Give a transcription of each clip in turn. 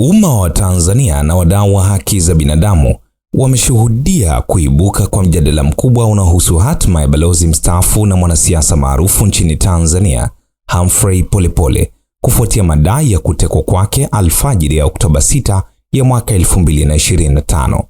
Umma wa Tanzania na wadau wa haki za binadamu wameshuhudia kuibuka kwa mjadala mkubwa unaohusu hatima ya balozi mstaafu na mwanasiasa maarufu nchini Tanzania Humphrey Polepole kufuatia madai ya kutekwa kwake alfajiri ya Oktoba 6 ya mwaka 2025.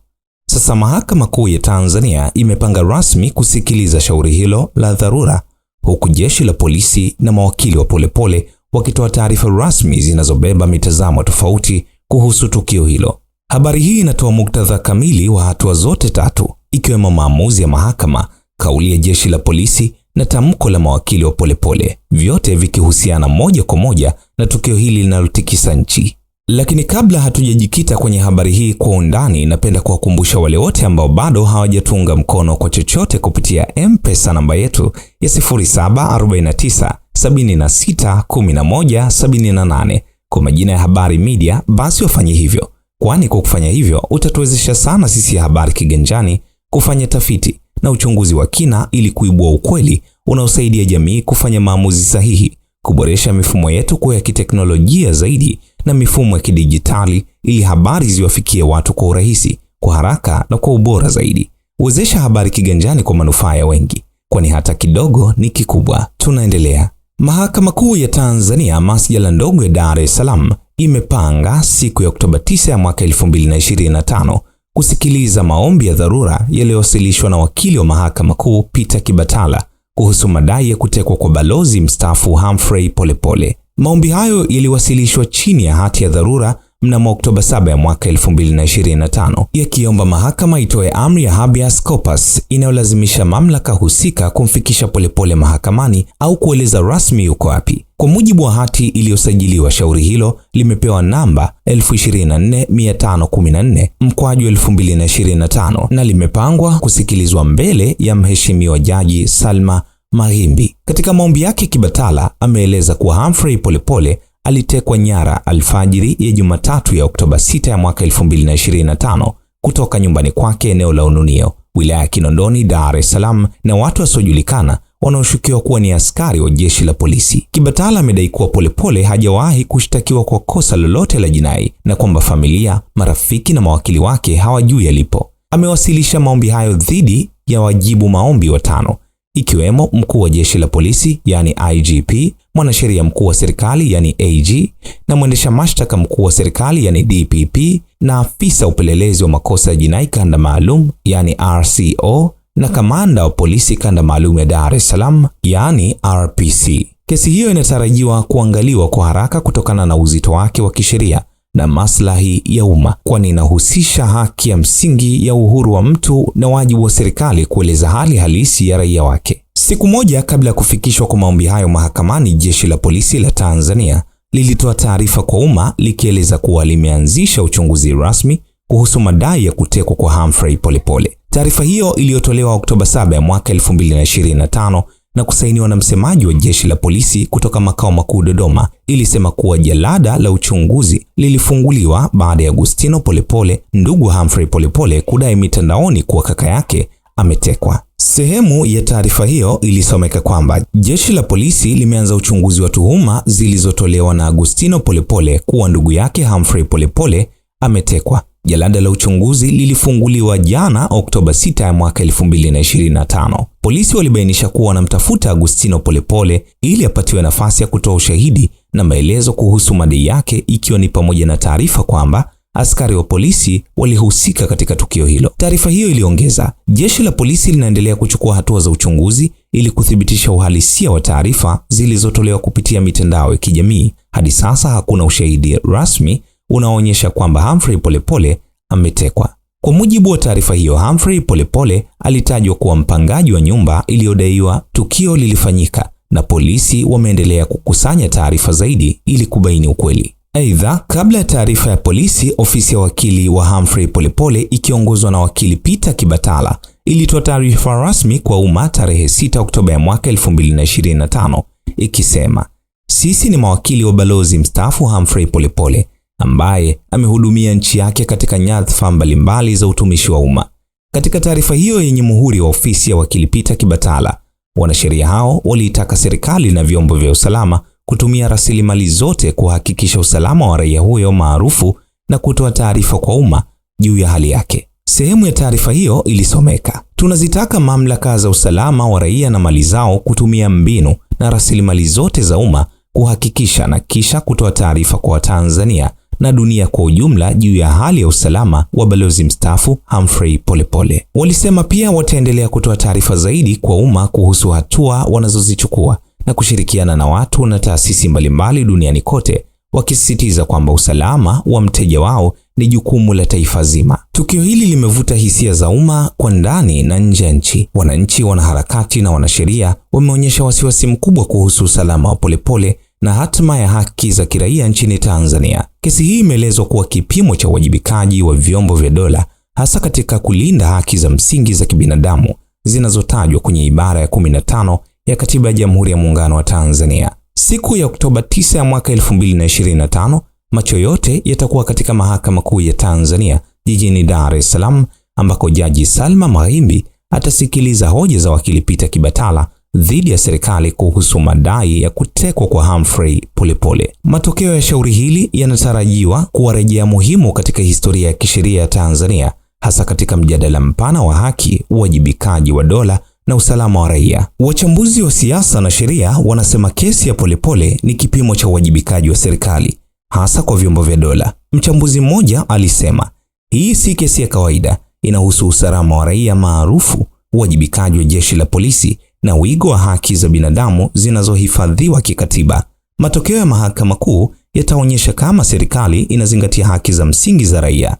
Sasa Mahakama Kuu ya Tanzania imepanga rasmi kusikiliza shauri hilo la dharura, huku jeshi la polisi na mawakili wa Polepole wakitoa taarifa rasmi zinazobeba mitazamo tofauti kuhusu tukio hilo. Habari hii inatoa muktadha kamili wa hatua zote tatu, ikiwemo maamuzi ya mahakama, kauli ya jeshi la polisi na tamko la mawakili wa Polepole, vyote vikihusiana moja kwa moja na tukio hili linalotikisa nchi. Lakini kabla hatujajikita kwenye habari hii kwa undani, napenda kuwakumbusha wale wote ambao bado hawajatunga mkono kwa chochote kupitia M-Pesa namba yetu ya 0749 kwa majina ya Habari Media, basi wafanye hivyo, kwani kwa kufanya hivyo utatuwezesha sana sisi Habari Kiganjani kufanya tafiti na uchunguzi wa kina ili kuibua ukweli unaosaidia jamii kufanya maamuzi sahihi, kuboresha mifumo yetu kuwa ya kiteknolojia zaidi na mifumo ya kidijitali ili habari ziwafikie watu kwa urahisi, kwa haraka na kwa ubora zaidi. Wezesha Habari Kiganjani kwa manufaa ya wengi, kwani hata kidogo ni kikubwa. Tunaendelea. Mahakama Kuu ya Tanzania masjala ndogo ya Dar es Salaam imepanga siku ya Oktoba 9 ya mwaka 2025 kusikiliza maombi ya dharura yaliyowasilishwa na wakili wa Mahakama Kuu Peter Kibatala kuhusu madai ya kutekwa kwa balozi mstaafu Humphrey Polepole. Maombi hayo yaliwasilishwa chini ya hati ya dharura mnamo Oktoba 7 ya mwaka 2025 yakiomba mahakama itoe amri ya habeas corpus inayolazimisha mamlaka husika kumfikisha Polepole mahakamani au kueleza rasmi yuko wapi. Kwa mujibu wa hati iliyosajiliwa, shauri hilo limepewa namba 24514 mkwaju 2025 na limepangwa kusikilizwa mbele ya mheshimiwa Jaji Salma Maghimbi. Katika maombi yake, Kibatala ameeleza kuwa Humphrey Polepole alitekwa nyara alfajiri ya Jumatatu ya Oktoba 6 ya mwaka 2025 kutoka nyumbani kwake eneo la Ununio, wilaya ya Kinondoni, Dar es Salaam na watu wasiojulikana wanaoshukiwa kuwa ni askari wa jeshi la polisi. Kibatala amedai kuwa Polepole hajawahi kushtakiwa kwa kosa lolote la jinai na kwamba familia, marafiki na mawakili wake hawajui alipo. Amewasilisha maombi hayo dhidi ya wajibu maombi watano ikiwemo mkuu wa jeshi la polisi yani IGP mwanasheria mkuu wa serikali yani AG na mwendesha mashtaka mkuu wa serikali yani DPP na afisa upelelezi wa makosa ya jinai kanda maalum yani RCO na kamanda wa polisi kanda maalum ya Dar es Salaam yani RPC. Kesi hiyo inatarajiwa kuangaliwa kwa haraka kutokana na uzito wake wa kisheria na maslahi ya umma, kwani inahusisha haki ya msingi ya uhuru wa mtu na wajibu wa serikali kueleza hali halisi ya raia wake. Siku moja kabla ya kufikishwa kwa maombi hayo mahakamani, jeshi la polisi la Tanzania lilitoa taarifa kwa umma likieleza kuwa limeanzisha uchunguzi rasmi kuhusu madai ya kutekwa kwa Humphrey Polepole. Taarifa hiyo iliyotolewa Oktoba 7 ya mwaka 2025 na kusainiwa na msemaji wa jeshi la polisi kutoka makao makuu Dodoma, ilisema kuwa jalada la uchunguzi lilifunguliwa baada ya Agustino Polepole, ndugu Humphrey Polepole, kudai mitandaoni kuwa kaka yake ametekwa. Sehemu ya taarifa hiyo ilisomeka kwamba jeshi la polisi limeanza uchunguzi wa tuhuma zilizotolewa na Agustino Polepole kuwa ndugu yake Humphrey Polepole ametekwa. Jalada la uchunguzi lilifunguliwa jana Oktoba 6 ya mwaka 2025. Polisi walibainisha kuwa wanamtafuta Agustino Polepole ili apatiwe nafasi ya kutoa ushahidi na maelezo kuhusu madai yake, ikiwa ni pamoja na taarifa kwamba askari wa polisi walihusika katika tukio hilo. Taarifa hiyo iliongeza, jeshi la polisi linaendelea kuchukua hatua za uchunguzi ili kuthibitisha uhalisia wa taarifa zilizotolewa kupitia mitandao ya kijamii. Hadi sasa hakuna ushahidi rasmi unaoonyesha kwamba Humphrey Polepole ametekwa. Kwa mujibu wa taarifa hiyo, Humphrey Polepole alitajwa kuwa mpangaji wa nyumba iliyodaiwa tukio lilifanyika, na polisi wameendelea kukusanya taarifa zaidi ili kubaini ukweli. Aidha, kabla ya taarifa ya polisi, ofisi ya wakili wa Humphrey Polepole ikiongozwa na wakili Peter Kibatala ilitoa taarifa rasmi kwa umma tarehe 6 Oktoba ya mwaka 2025 ikisema, sisi ni mawakili wa balozi mstaafu Humphrey Polepole ambaye amehudumia nchi yake katika nyadhifa mbalimbali za utumishi wa umma. Katika taarifa hiyo yenye muhuri wa ofisi ya wakili Peter Kibatala, wanasheria hao waliitaka serikali na vyombo vya usalama kutumia rasilimali zote kuhakikisha usalama wa raia huyo maarufu na kutoa taarifa kwa umma juu ya hali yake. Sehemu ya taarifa hiyo ilisomeka: tunazitaka mamlaka za usalama wa raia na mali zao kutumia mbinu na rasilimali zote za umma kuhakikisha na kisha kutoa taarifa kwa Watanzania na dunia kwa ujumla juu ya hali ya usalama wa balozi mstaafu Humphrey Polepole. Walisema pia wataendelea kutoa taarifa zaidi kwa umma kuhusu hatua wanazozichukua na kushirikiana na watu na taasisi mbalimbali duniani kote wakisisitiza kwamba usalama wa mteja wao ni jukumu la taifa zima. Tukio hili limevuta hisia za umma kwa ndani na nje ya nchi. Wananchi, wanaharakati na wanasheria wameonyesha wasiwasi mkubwa kuhusu usalama wa Polepole na hatima ya haki za kiraia nchini Tanzania. Kesi hii imeelezwa kuwa kipimo cha uwajibikaji wa vyombo vya dola, hasa katika kulinda haki za msingi za kibinadamu zinazotajwa kwenye ibara ya 15 ya Katiba ya Jamhuri ya Muungano wa Tanzania. Siku ya Oktoba 9 ya mwaka 2025, macho yote yatakuwa katika Mahakama Kuu ya Tanzania jijini Dar es Salaam, ambako Jaji Salma Maghimbi atasikiliza hoja za wakili Peter Kibatala dhidi ya serikali kuhusu madai ya kutekwa kwa Humphrey Polepole. Matokeo ya shauri hili yanatarajiwa kuwarejea muhimu katika historia ya kisheria ya Tanzania, hasa katika mjadala mpana wa haki, uwajibikaji wa dola na usalama wa raia. Wachambuzi wa siasa na sheria wanasema kesi ya Polepole ni kipimo cha uwajibikaji wa serikali, hasa kwa vyombo vya dola. Mchambuzi mmoja alisema hii si kesi ya kawaida, inahusu usalama wa raia maarufu, uwajibikaji wa jeshi la polisi na wigo wa haki za binadamu zinazohifadhiwa kikatiba. Matokeo ya mahakama kuu yataonyesha kama serikali inazingatia haki za msingi za raia.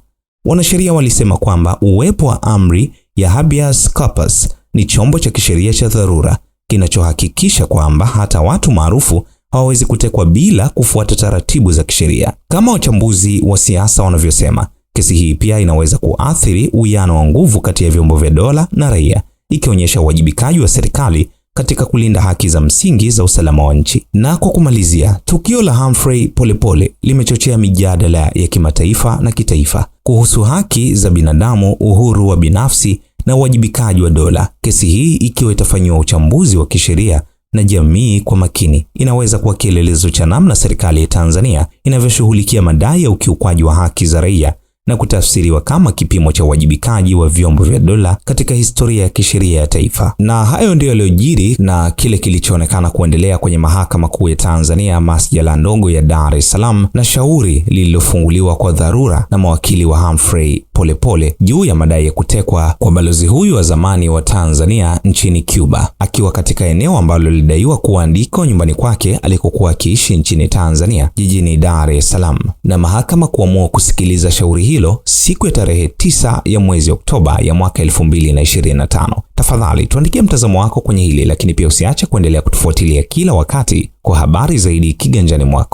Wanasheria walisema kwamba uwepo wa amri ya habeas corpus ni chombo cha kisheria cha dharura kinachohakikisha kwamba hata watu maarufu hawawezi kutekwa bila kufuata taratibu za kisheria. Kama wachambuzi wa siasa wanavyosema, kesi hii pia inaweza kuathiri uwiano wa nguvu kati ya vyombo vya dola na raia, ikionyesha uwajibikaji wa serikali katika kulinda haki za msingi za usalama wa nchi. Na kwa kumalizia, tukio la Humphrey Polepole limechochea mijadala ya kimataifa na kitaifa kuhusu haki za binadamu, uhuru wa binafsi na uwajibikaji wa dola. Kesi hii ikiwa itafanyiwa uchambuzi wa kisheria na jamii kwa makini, inaweza kuwa kielelezo cha namna serikali ya Tanzania inavyoshughulikia madai ya ukiukwaji wa haki za raia na kutafsiriwa kama kipimo cha uwajibikaji wa vyombo vya dola katika historia ya kisheria ya taifa. Na hayo ndiyo yaliyojiri na kile kilichoonekana kuendelea kwenye Mahakama Kuu ya Tanzania, masjala ndogo ya Dar es Salaam, na shauri lililofunguliwa kwa dharura na mawakili wa Humphrey Polepole juu ya madai ya kutekwa kwa balozi huyu wa zamani wa Tanzania nchini Cuba akiwa katika eneo ambalo lilidaiwa kuwa ndiko nyumbani kwake alikokuwa akiishi nchini Tanzania, jijini Dar es Salaam, na mahakama kuamua kusikiliza shauri hiyo hilo siku ya tarehe tisa ya mwezi Oktoba ya mwaka 2025. Tafadhali tuandikie mtazamo wako kwenye hili, lakini pia usiache kuendelea kutufuatilia kila wakati kwa habari zaidi kiganjani mwako.